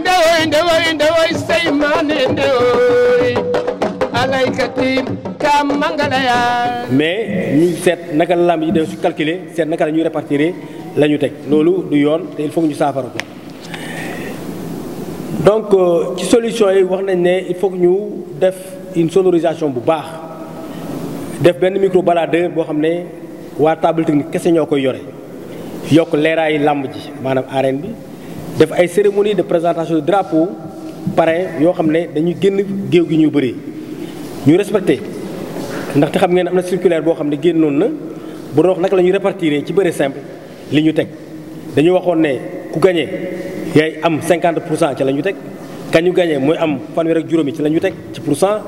ndewoy ndewoy ndewoy seymane ndewoy alaykatim ka ya mais ñuy seet naka la lamb yi def su calculer seet naka ñu ñuy répartir la ñu teg du yoon te il faut ñu saafara ko donc euh, ci solution yi wax nañ ne il faut ñu def une sonorisation bu baax def ben micro baladeur bo xamné wa table technique kessé ñoo yoré yok yokk lamb ji manam arène bi def ay cérémonie de présentation de drapeau parrain yo xamné dañuy génn géew gi ñu bëri ñu respecté ndaxte xam ngeen amna circulaire bo xamné ne na bu dox nak lañu répartiré ci bëri simple li ñu teg dañu waxoon ne ku gagné yay am 50 ci lañu ñu teg ñu gagné moy am fanweer ak juróomi ci lañu ñu ci pourcent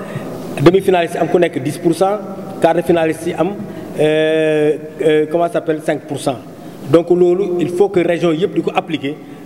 demi-finaliste yi am ku nekk 10 quart de finaliste yi am euh, euh, comment ça s'appelle 5 donc lolu il faut que région yépp diko appliquer.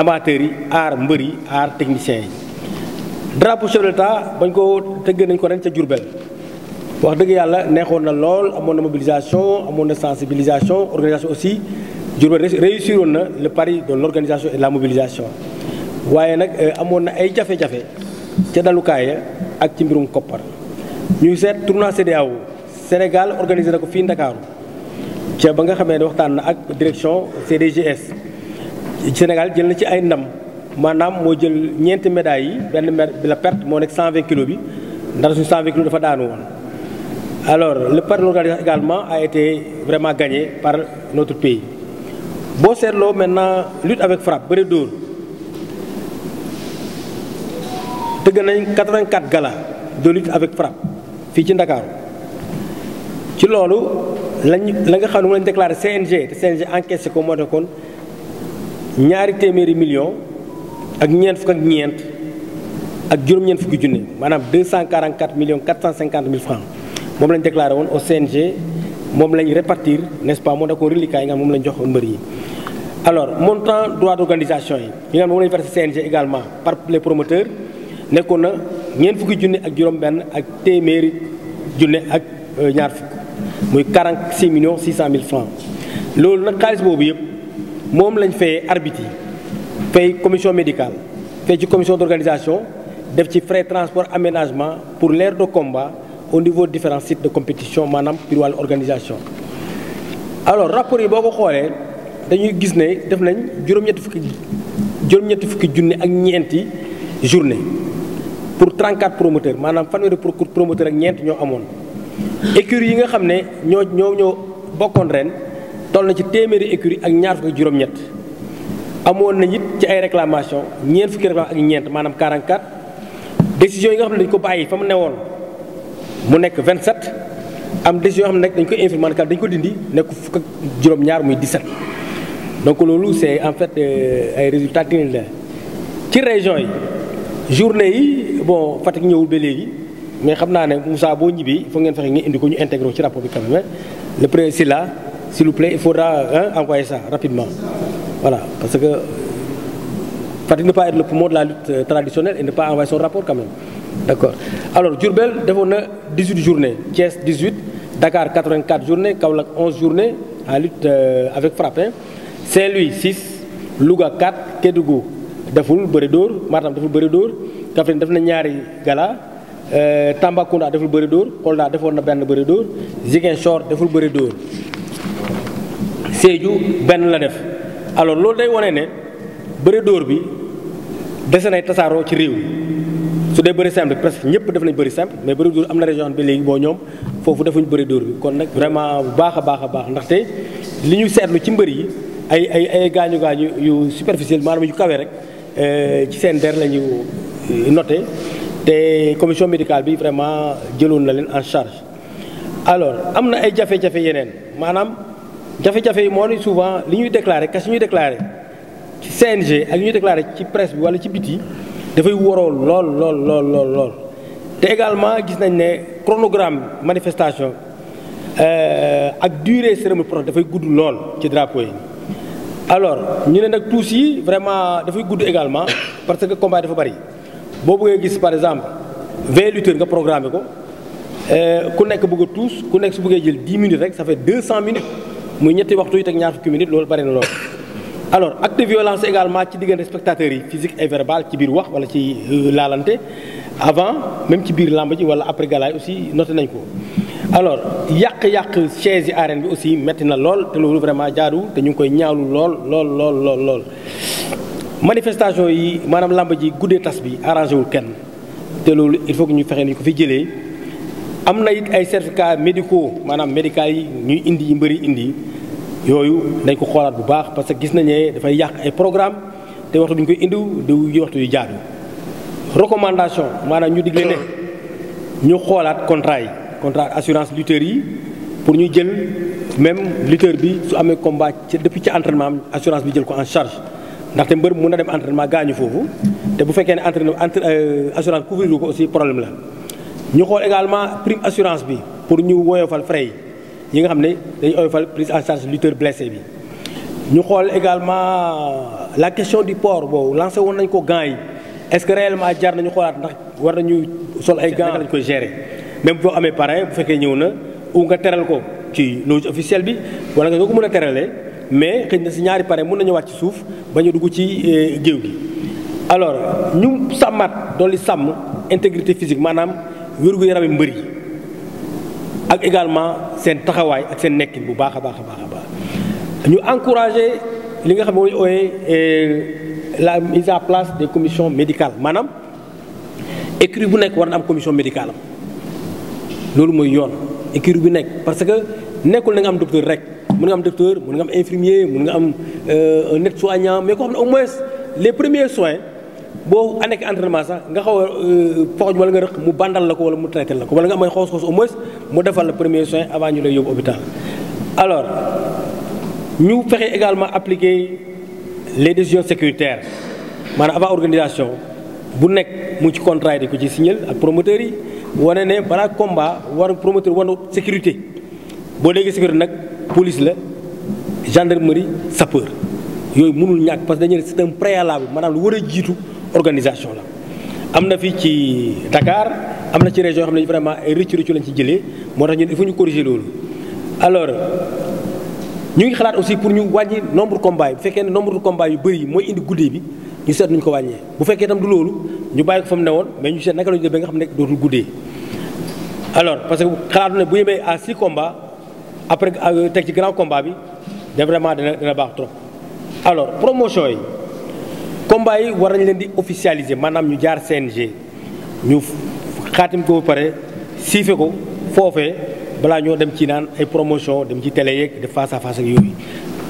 amateurs yi aar mbër yi techniciens drapeau chef de l'État bañ ko tëgg nañ ko wax na mobilisation amoon na sensibilisation organisation aussi Diourbel réussir le pari de l'organisation et de la mobilisation waaye nag euh, na ay jafe-jafe ca dalukaaya ak ci mbirum koppar ñuy seet tournoi cdao Sénégal organisé na ko ba nga direction CDGS Sénégal jël na ci ay ndam maanaam moo jël ñeenti médailles yi benn bi la perte moo nekk 120 kilos bi ndax suñu 120 kilos dafa daanu woon. alors le part également a été vraiment gagné par notre pays boo seetloo maintenant lutte avec frappe bëri dóor tëgg nañ 84 galas de lutte avec frappe fii ci Dakar ci loolu lañ la nga xam ne mu lañ déclaré CNG te CNG encaissé ko moo kon ñaari téeméeri million ak ñeent fuk ak ñeent ak juroom ñeent fuk junne manam 244 millions 450 000 francs mom lañ déclarer woon au CNG mom lañ répartir n'est-ce pas mo da ko reliquat nga mom lañ jox mbër yi alors montant droit d'organisation yi yi nga xam moom lañ versé CNG également par les promoteurs nekkoon na fuk fukki ak juroom ben ak téeméeri junne ak euh, ñaar fuk muy 46 millions 600 000 francs loolu nak xaalis bobu yëpp mom lañ arbitre commission médicale fay commission d'organisation def ci frais transport aménagement pour l'aire de combat au niveau de différents sites de compétition manam pour alors rapport yi dañuy def journée pour 34 promoteurs de procure promoteur ak ñent ñoo amone écurie yi nga ñoo ñoo toll na ci téeméeri écurie ak ñaar fukki juróom-ñett amoon nañ it ci ay réclamation ñeent fukki réclamation ak ñeent maanaam 44 décision yi nga xam ne dañ ko bàyyi fa mu woon mu nekk 27 am décision yoo xam ne nag dañ ko infirmer maanaam dañ ko dindi nekk fukk ak juróom-ñaar muy 17 donc loolu c' est en fait euh, ay résultats techniques la ci région yi journée yi bon Fatick ñëwul ba léegi mais xam naa ne Moussa boo ñibbee foog ngeen fexe ngeen indi ko ñu intégré ci rapport bi quand même le s'il vous plaît, il faudra hein, envoyer ça rapidement. Voilà, parce que Il ne pas être le poumon de la lutte euh, traditionnelle et ne pas envoyer son rapport quand même. D'accord. Alors, Durbel, devons 18 journées, Thiès 18, Dakar 84 journées, Kaoulak, 11 journées à lutte euh, avec frappe. Hein. Saint-Louis 6, Louga 4, Kédougou, Defoul, Beredour, Matam Defoul, Beredour, Kafrine Defne Nyari Gala, euh, Tambacounda Defoul, Beredour, Kolda Defoul, Ben Beredour, Chor, Defoul, Beredour. Sédhiou benn la def alors loolu day wane ne bëri dóor bi dese nay tasaaroo ci réew su dee bëri simple presque ñëpp def nañ bëri simple mais bëri dóor am na région bi léegi boo ñoom foofu defuñ bëri dóor bi kon nag vraiment bu baax a baax a baax ndaxte li ñu seetlu ci mbër yi ay ay ay gaañu gaañu yu superficiel maanaam yu kawe rek euh, ci seen der la ñu euh, noté te commission médicale bi vraiment jëloon na leen en charge alors am na ay jafe-jafe yeneen jafé jafé souvent li CNG presse bi wala ci biti également gis nañ chronogramme manifestation euh, ak durée cérémonie dafay gudd ci drapeau yi alors ñu tous yi vraiment dafay gudd également parce que combat dafa bari par exemple 20 lutteurs ko euh, ku nekk tous. ku nekk su minutes ça fait 200 minutes muy ñetti waxtu yi teg ñaar fukki minutes loolu bari na lool. alors acte de violence également ci diggante spectateurs yi physique et verbal ci biir wax wala ci euh, laalante avant même ci biir làmb ji wala après galaay aussi noté nañ ko. alors yàq-yàq chaise yi arène bi aussi metti na lool te loolu vraiment jaadu te ñu ngi koy ñaawlu lool lool lool lool lool. manifestation yi maanaam làmb ji guddee tas bi arrangé wul kenn te loolu il faut que ñu fexe ni ko fi jëlee. amna na it ay certificat médicaux manam médicats yi ñuy indi yi mbëri indi yoyu dañ ko xolaat bu baax parce que gis nañ ne dafay yak ay programme té waxtu bi ñu koy indiw de waxtu yu jaadu recommandation manam ñu diglé ne ñu xolaat contrat yi contrat assurance lutteur yi pour ñu jël même lutteur bi su amé combat ci depuis ci entraînement assurance bi jël ko en charge ndaxte mbër mun na dem entraînement gañu fofu té bu fekké entraînement euh, assurance couvrir ko aussi problème la ñu xool également prime assurance bi pour ñu woyofal frais yi yi nga xam ne dañu oyofal prise en charge lutteur blessé bi ñu xool également la question du port boobu lancé woon nañ ko gants yi est-ce que réellement jar nañu xoolaat ndax war nañu sol ay gants lañ ko géré même boo amee parrain bu fekkee ñëw na ou nga teral ko ci loge officiel bi wala nga ko mën a teralee mais xëy na si ñaari parrain mën nañu wàcc ci suuf bañ a dugg ci eh, géew gi alors ñu sàmmaat dolli sàmm intégrité physique maanaam wér-gu-yarami yi ak également sen taxaway ak sen nekkin bu baax a baax ba ñu encourager li nga xam moy mooy e, euh, la mise en place des commissions médicales manam écrit bu nek war na am commission médicale lolu moy mooy yoon écurie bu nekk parce que nekul na nga am docteur rek mën nga am docteur mën nga am infirmier mën nga am euh, un aide soignant mais koo xam au moins les premiers soins. boo anekk entraînement sax nga xaw a euh, poxoj wala nga rëq mu bandal la ko wala mu traité la ko wala nga amay xoos-xoos au mu defal la premier soin avant ñu lay yóbbu hôpital alors ñu fexe également appliquer les décisions sécuritaires maanaam avant organisation bu nekk mu ci contrat yi di ko ci signal ak promoteurs yi wane ne balaa combat war promoteur war sécurité boo déggee sécurité nag police la gendarmerie sapeur yooyu mënul ñàkk parce que dañu ne c'est un préalable maanaam lu war a jiitu organisation là amna fi ci Dakar amna ci région yoo vraiment ay rëccu rëccu lañ ci jëlé motax ñun il faut ñu corriger loolu alors ñu ngi xalaat aussi pour ñu wàññi nombre combat yi bu fekkee nombre de combat yu bëri moy indi goudé bi ñu sét nu ñu ko wàññee bu fekkee tam du loolu ñu bàyyi ko fa mu mais ñu sét naka la ñu def ba nga xamné ne dootul goudé alors parce que xalaatu ne bu yemee à six combats après euh, teg ci grand combat bi da vraiment dina dina baax trop alors promotion yi combat yi war nañ leen di officialiser maanaam ñu jaar CNG ñu xaatim ko ba pare siife ko foofee balaa ñoo dem ci naan ay promotion dem ci télé yeeg def face à face ak yooyu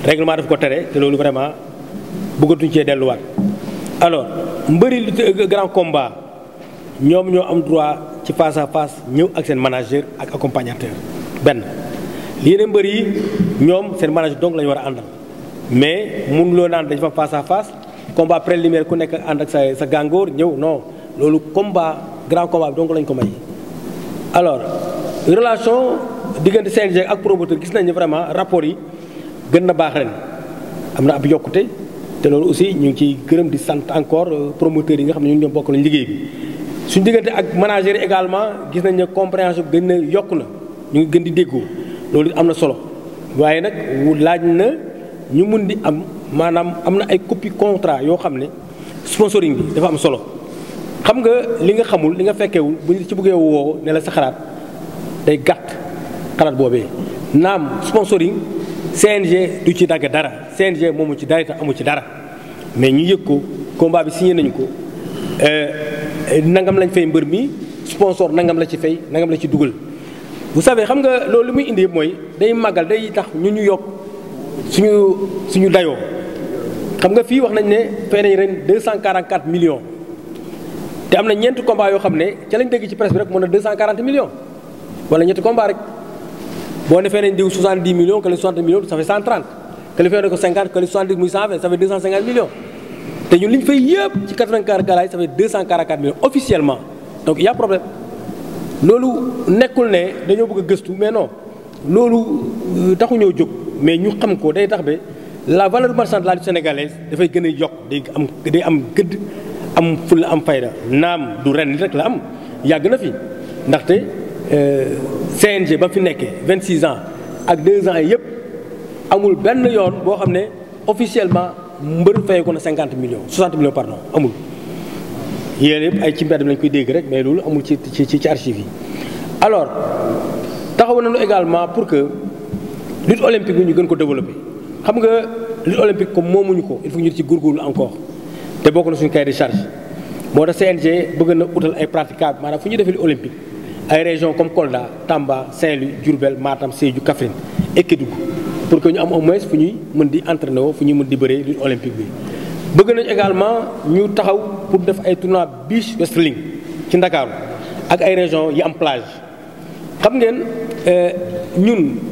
règlement daf ko tere te loolu vraiment bëggatuñ cee delluwaat. alors mbëri lu grand combat ñoom ñoo am droit ci face à face ñëw ak seen manager ak accompagnateur benn yeneen mbër yi ñoom seen manager donc la ñu war a àndal mais mënuloo naan dañ fa face à face combat préliminaire ku nek and ak sa sa gangor ñëw non lolu combat grand combat donc lañ ko may. alors relation diggante CNG ak promoteur gis nañ vraiment rapport yi gën na baax ren am ab yokuté té lolu aussi ñu ngi ciy gërëm di sante encore euh, promoteur yi nga xamni ne ñu ngi ñoom bokk lañ liggéey bi. suñu diggante ak manager également gis nañ ne compréhension gën na yokk na ñu ngi gën di déggu lolu amna na solo waaye nag laaj na ñu mun di am. maanaam am na ay copie contrat yoo xam ne sponsoring bi dafa am solo xam nga li nga xamul li nga fekkewul bu ñu ci bëggee woo ne la sa xalaat day gàtt xalaat boobee naam sponsoring CNG du ci dagg dara CNG moomu ci dara te amu ci dara mais ñu yëg ko combat bi signé nañu ko euh, nangam lañ fay mbër mi sponsor nangam la ci fay nangam la ci dugal vous savez xam nga loolu li muy indi yëpp mooy day màggal day tax ñu ñu yokk suñu suñu dayoo xam nga fii wax nañ ne fay nañ ren 244 millions te am na combat yoo xam ne ca lañ dégg ci presse bi rek mën na 240 millions wala ñetti combat rek boo ne fay nañ 70 millions que le 60 millions ça fait 130 que le fait ko 50 que le 70 muy 120 ça fait 250 millions te ñun li ñu fay yëpp ci 84 galaay ça fait 244 millions officiellement donc il y a problème loolu nekkul ne dañoo bëgg a gëstu mais non loolu euh, taxuñoo jóg mais ñu xam ko day tax la valeur marchande de la lutte sénégalaise da fay gëna yokk day am day am gëdd am ful am fayda nam du ren rek la am yag na fi euh CNG ba fi nekkee 26 ans ak 2 ans yépp amul benn yoon boo xam ne officiellement mbër fay ko na 50 millions 60 millions pardon amul. yéen yëpp ay ci mbedd lañ koy dégg rek mais loolu amul ci ci ci archive yi alors taxaw nañu également pour que lutte olympique bi ñu gën ko développer. xam nga lutte olympique comme moomuñu ko il ko ñu di ci góorgóorlu encore te bokk na suñu cahier de charge moo tax CNG bëgg na utal ay praticables maanaam fu ñuy defee lutte olympique ay régions comme Kolda Tamba Saint-Louis Diourbel Matam Sédhiou Kaffrine et Kédougou pour que ñu am au moins fu ñuy mën di entraîné woo fu ñuy mën di bëree lutte olympique bi. bëgg nañu également ñu taxaw pour def ay tournois beach wrestling ci Ndakaaru ak ay régions yi am plage xam ngeen euh, ñun.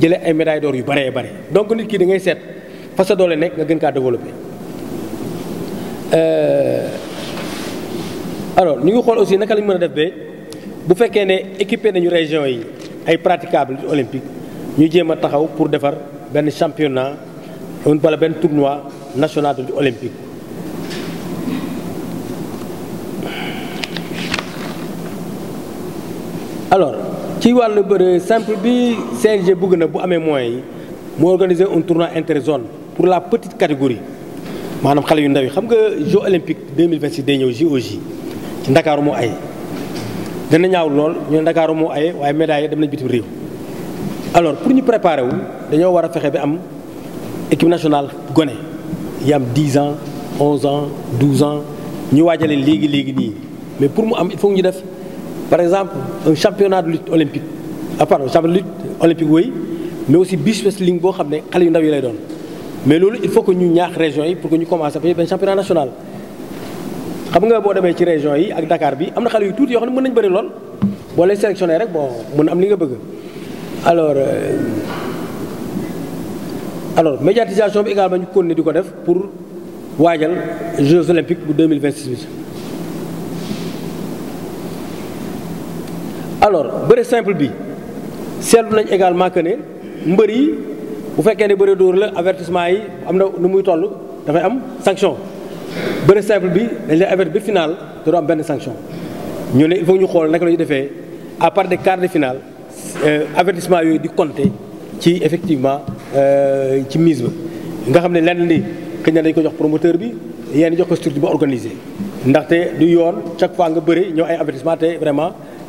jëlee ay médailles d'or yu bëree bëri donc nit kii da ngay seet fa sa doole nekk nga gën kaa développé. Euh, alors ñu ngi xool aussi naka lañ mën a def ba bu fekkee ne équipé nañu région yi ay praticables olympique ñu jéem a taxaw pour defar benn championnat wala benn tournoi national olympique. ci walu beure simple bi CNG bëgg na bu amé moyens mo un tournoi interzone pour la petite catégorie manam xalé yu ndaw yi xam nga Jeux olympiques 2026 day ñëw JOJ ci Dakar moo ay dana ñaaw lool ñu Dakar Ndakaaru ay waye médaille dem nañ bitim rew alors pour ñu préparer wu dañu wara a bi am équipe nationale Il y am 10 ans 11 ans 12 ans ñu waajalee légui légui ni mais pour mu am il faut ñu def par exemple, un championnat de lutte olympique. À ah, pardon, un championnat de lutte olympique, oui, mais aussi beach wrestling, bo xamné xalé yu ndaw yi lay doon. Mais lolu il faut que ñu ñaax région yi pour que ñu commencer à faire un championnat national. Xam nga bo démé ci région yi ak Dakar bi amna xalé yu tout yo xamné mën nañ bari lool. Bo lay sélectionner rek bon mën am li nga bëgg. Alors euh, alors médiatisation bi également ñu continuer diko def pour Wajal Jeux olympiques bu 2026 alors bëre simple bi seetlu nañ également que ne mbër yi bu fekkee ne bëre dóor la avertissement yi am na nu muy toll dafay am sanction bëre simple bi dañ lay averti ba final te du am benn sanction ñu ne il faut ñu xool naka la ñu defee à part des quarts de finale euh, avertissement yooyu di compter ci effectivement euh, ci mise ba nga xam ne lenn li xëy na dañ ko jox promoteur bi yenn jox ko structure ba organisé ndaxte du yoon chaque fois nga bëri ñëw ay avertissement te vraiment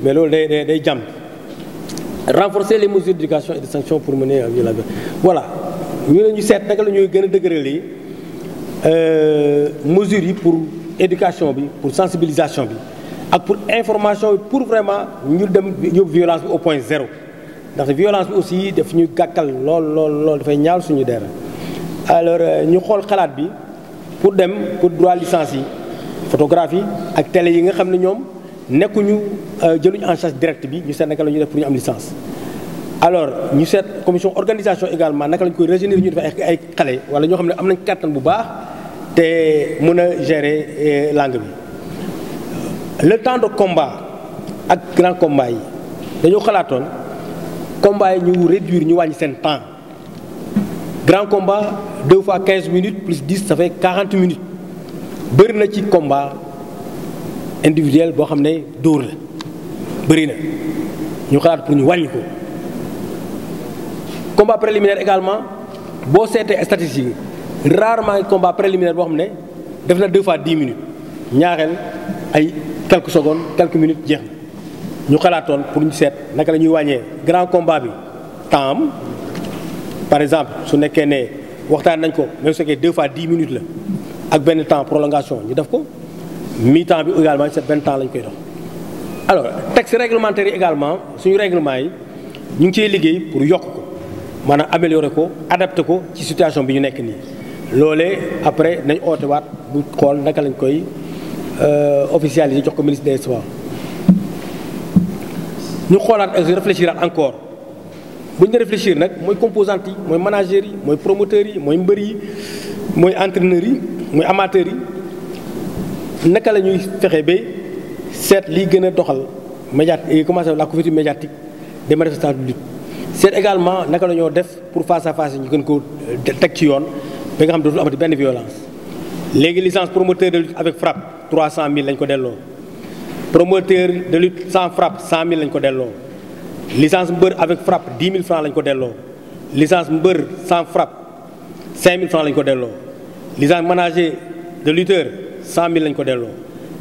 mais loolu day day day renforcer les mesures d'éducation et de sanction pour mener à la voilà ñu lañu ñu seet naka gëna ñuy li euh mesures pour éducation bi pour sensibilisation bi ak pour information pour vraiment ñu dem yóbbu violence au point zéro ndaxte violence aussi daf ñu gakkal lool lool lool fay ñaal suñu der alors euh, ñu xol xalaat bi pour dem pour droit licence yi photographie ak télé yi nga xamni ñom nous euh, jëluñ en charge direct bi ñu sét naka def pour licence alors ñu sét commission organisation également nous lañ koy régénérer ñu def ay ay xalé wala ñoo xamne am nañ bu baax té mëna gérer euh, langue le temps de combat ak grand combat nous dañu xalaton combat yi ñu réduire ñu temps. sen temps grand combat 2 fois 15 minutes plus 10 ça fait 40 minutes bërna ci combat individuel bo xamné ne dóor la bëri na ñu xalaat pour ñu wàññi ko combat préliminaire également bo seetee statistique rarement combat préliminaire boo xam ne def na deux fois 10 minutes ñaarel ay quelques secondes quelques minutes jeex ñu xalaatoon pour ñu seet naka la ñuy wàññee grand combat bi temps par exemple su nekké né waxtaan nañ ko même su fekkee deux fois 10 minutes la ak ben temps prolongation ñu def ko mi-temps bi également c'est 20 temps lañ koy dox alors texte réglementaire également suñu règlement yi ñu ngi ciy liggéey pour yokk ko maanaam améliorer ko adapter ko ci situation bi ñu nekk nii loolee après nañ oote waat bu xool naka lañ koy euh, officialiser jox ko ministre des sports ñu xoolaat réfléchir encore bu ne réfléchir nag mooy composante yi mooy managers yi mooy promoteurs yi mooy mbër yi mooy entraîneurs yi mooy amateurs yi nous avons ñuy fexe ba seet médiatique eh, la couverture médiatique des de lutte C'est également naka pour face à face ñu gën ko eh, ci yoon violence. licence promoteur de lutte avec frappe 300 lañ ko de lutte sans frappe 100 lañ ko licence avec frappe 10 000 francs lañ ko licence sans frappe 5000 francs lañ ko licence de lutteur. 100 000 lingkodello,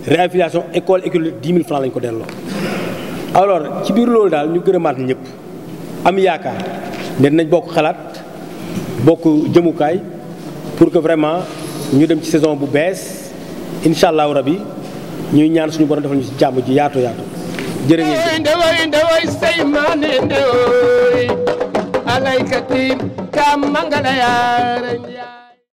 réaffiliation école est que 10 000 francs lingkodello. Alors, qui peut nous aider, nous devons nous yep. Amiaka, il y a beaucoup de malades, beaucoup de mouquais, pour que vraiment nous demeissions en baisse, Inshallah aujourd'hui, nous y allons, nous pourrons faire du travail, du yato, yato.